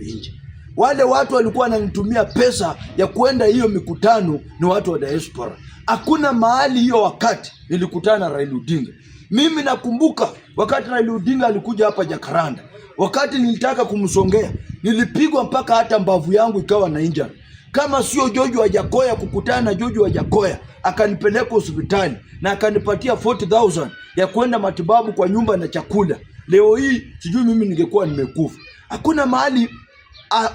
kule nje. Wale watu walikuwa wananitumia pesa ya kwenda hiyo mikutano ni watu wa diaspora. Hakuna mahali hiyo wakati nilikutana na Raila Odinga. Mimi nakumbuka wakati Raila Odinga alikuja hapa Jakaranda, wakati nilitaka kumsongea nilipigwa mpaka hata mbavu yangu ikawa na injury. Kama sio Jojo Jakoya kukutana na Jojo Jakoya akanipeleka hospitali na akanipatia 40000 ya kwenda matibabu kwa nyumba na chakula, leo hii sijui mimi ningekuwa nimekufa. Hakuna mahali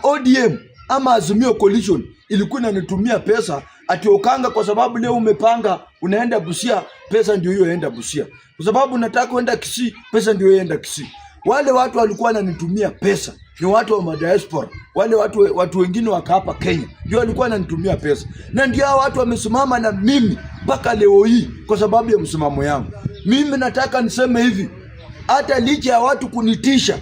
ODM ama Azimio Coalition ilikuwa inanitumia pesa ati Okanga, kwa sababu leo umepanga unaenda Busia, pesa ndio hiyo enda Busia, kwa sababu nataka kwenda Kisii, pesa ndio hiyo enda Kisii. Wale watu walikuwa wananitumia pesa ni watu wa madiaspora, wale watu, watu wengine wa hapa Kenya ndio walikuwa wananitumia pesa, na ndio hao watu wamesimama na mimi mpaka leo hii kwa sababu ya msimamo yangu. Mimi nataka niseme hivi, hata licha ya watu kunitisha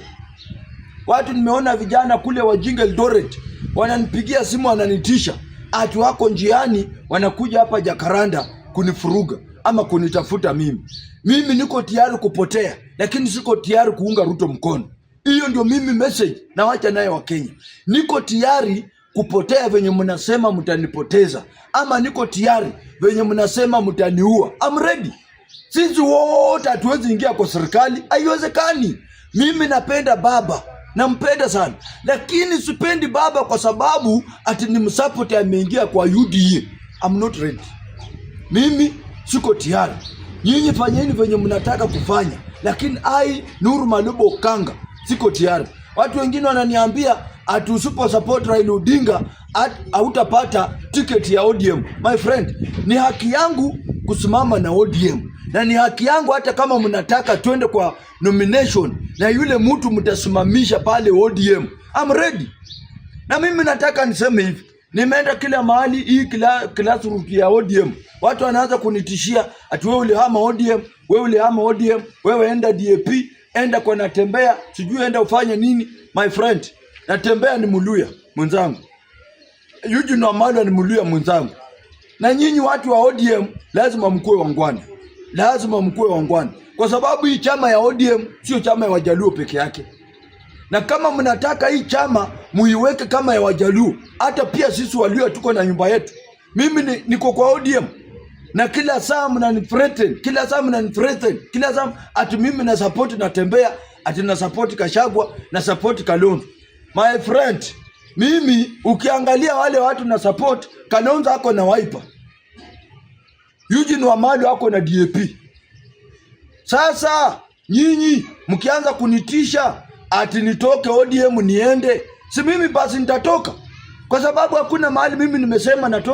Watu nimeona vijana kule wajinga Eldoret wananipigia simu wananitisha, ati wako njiani wanakuja hapa Jakaranda kunifuruga ama kunitafuta mimi. Mimi niko tayari kupotea, lakini siko tayari kuunga Ruto mkono. Hiyo ndio mimi message na wacha wa Kenya. Niko tayari kupotea venye mnasema mtanipoteza, ama niko tayari venye mnasema mtaniua. I'm ready. Sisi wote hatuwezi ingia kwa serikali, haiwezekani. Mimi napenda baba nampenda sana, lakini sipendi baba kwa sababu ati ni msapoti ameingia kwa UDA. E. I'm not ready, mimi siko tayari. Nyinyi fanyeni venye mnataka kufanya, lakini ai Nuru Malubo Kanga siko tayari. Watu wengine wananiambia ati usipo support Raila Odinga hautapata tiketi ya ODM. My friend, ni haki yangu kusimama na ODM na ni haki yangu, hata kama mnataka twende kwa nomination na yule mtu mtasimamisha pale ODM, I'm ready. Na mimi nataka niseme hivi, nimeenda kila mahali hii kila classroom ya ODM, watu wanaanza kunitishia ati wewe ulihama ODM, wewe ulihama ODM, wewe enda DAP, enda kwa natembea, sijui enda ufanye nini. My friend, natembea ni muluya mwenzangu, Eugene Wamalwa ni muluya mwenzangu, na nyinyi watu wa ODM lazima mkuwe wangwana lazima mkuwe wangwani, kwa sababu hii chama ya ODM sio chama ya wajaluo peke yake, na kama mnataka hii chama muiweke kama ya wajaluo, hata pia sisi walio tuko na nyumba yetu. Mimi ni, niko kwa ODM na kila saa mnanithreaten, kila saa mnanithreaten, kila saa ati mimi na support natembea, ati na support Kashagwa na support Kalonzo. My friend, mimi ukiangalia wale watu na support Kalonzo ako na Wiper Eugene Wamalwa wako na DAP. Sasa nyinyi mkianza kunitisha ati nitoke ODM niende, si mimi basi nitatoka, kwa sababu hakuna mahali mimi nimesema natoka.